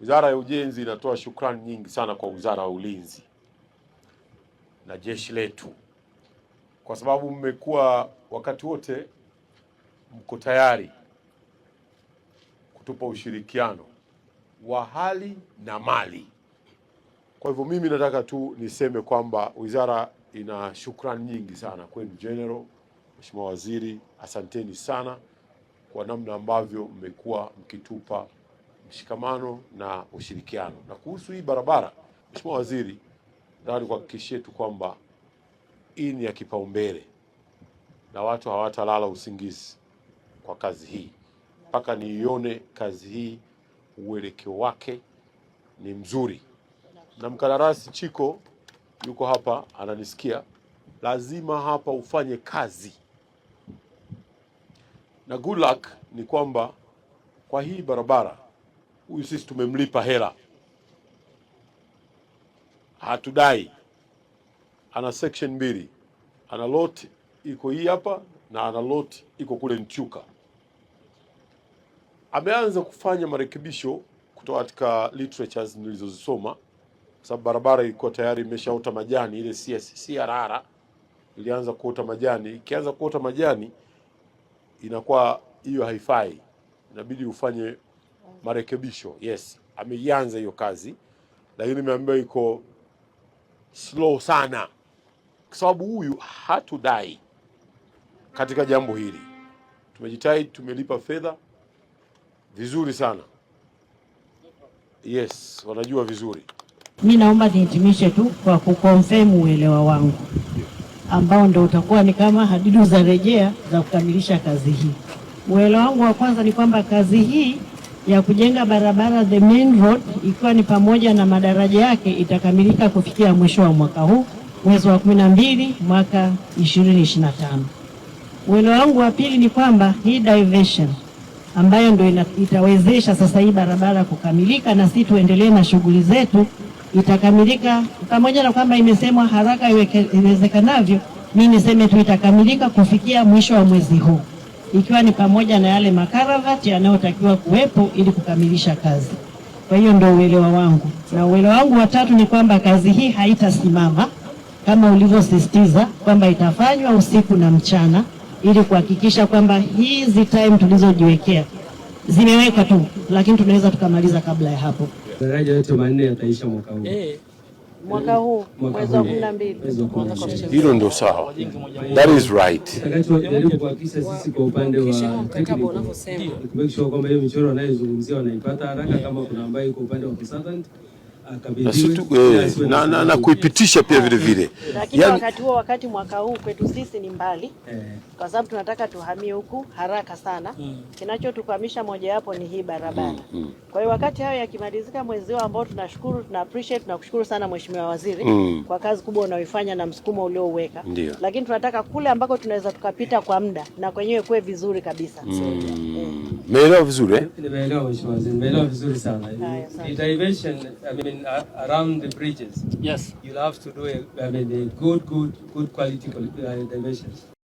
Wizara ya Ujenzi inatoa shukrani nyingi sana kwa Wizara ya Ulinzi na jeshi letu, kwa sababu mmekuwa wakati wote mko tayari kutupa ushirikiano wa hali na mali. Kwa hivyo mimi nataka tu niseme kwamba wizara ina shukrani nyingi sana kwenu General, Mheshimiwa Waziri, asanteni sana kwa namna ambavyo mmekuwa mkitupa mshikamano na ushirikiano. Na kuhusu hii barabara, Mheshimiwa Waziri, nataka nikuhakikishie tu kwamba hii ni ya kipaumbele na watu hawatalala usingizi kwa kazi hii mpaka niione kazi hii uelekeo wake ni mzuri, na mkandarasi Chiko yuko hapa ananisikia, lazima hapa ufanye kazi. Na good luck ni kwamba kwa hii barabara huyu sisi tumemlipa hela, hatudai. Ana section mbili, ana lot iko hii hapa na ana lot iko kule Nchuka. Ameanza kufanya marekebisho kutoka katika literatures nilizozisoma, kwa sababu barabara ilikuwa tayari imeshaota majani, ile CRR ilianza kuota majani. Ikianza kuota majani inakuwa hiyo haifai, inabidi ufanye marekebisho. Yes, ameianza hiyo kazi, lakini nimeambiwa iko slow sana, kwa sababu huyu hatudai katika jambo hili. Tumejitahidi, tumelipa fedha vizuri sana. Yes, wanajua vizuri. Mi naomba nihitimishe tu kwa kuconfirm uelewa wangu ambao ndo utakuwa ni kama hadidu za rejea za kukamilisha kazi hii. Uelewa wangu wa kwanza ni kwamba kazi hii ya kujenga barabara the main road ikiwa ni pamoja na madaraja yake itakamilika kufikia mwisho wa mwaka huu mwezi wa 12 mwaka 2025. Welo wangu wa pili ni kwamba hii diversion ambayo ndio itawezesha sasa hii barabara kukamilika na sisi tuendelee na shughuli zetu itakamilika, pamoja na kwamba imesemwa haraka iwezekanavyo, mimi niseme tu itakamilika kufikia mwisho wa mwezi huu ikiwa ni pamoja na yale makaravati yanayotakiwa kuwepo ili kukamilisha kazi. Kwa hiyo ndio uelewa wangu, na uelewa wangu wa tatu ni kwamba kazi hii haitasimama kama ulivyosisitiza kwamba itafanywa usiku na mchana ili kuhakikisha kwamba hizi time tulizojiwekea zimewekwa tu, lakini tunaweza tukamaliza kabla ya hapo. Daraja yetu manne yataisha mwaka huu. Eh, mwaka huu mwezi wa kumi na mbili. Hilo ndio sawa, that is right. Jaribu kuhakikisha sisi kwa upande wa mkataba unavyosema kwamba hiyo michoro wanayozungumzia wanaipata haraka, kama kuna ambayo iko upande wa consultant Eh, na, na, na kuipitisha pia vile vile. Lakini yani, wakati huo wakati mwaka huu kwetu sisi ni mbali eh. kwa sababu tunataka tuhamie huku haraka sana hmm. Kinachotukwamisha mojawapo ni hii barabara hmm, hmm. Kwa hiyo wakati hayo yakimalizika mwezi huu ambao tunashukuru, tuna appreciate, kushukuru sana Mheshimiwa Waziri kwa kazi kubwa unaoifanya na msukumo uliouweka, lakini tunataka kule ambako tunaweza tukapita kwa muda na kwenyewe kuwe vizuri kabisa mm. Umeelewa vizuri eh? Nimeelewa Mheshimiwa Waziri, nimeelewa vizuri sana. The diversion, I mean, around the bridges. Yes. You'll have to do a, I mean, a good, good, good quality uh, diversions.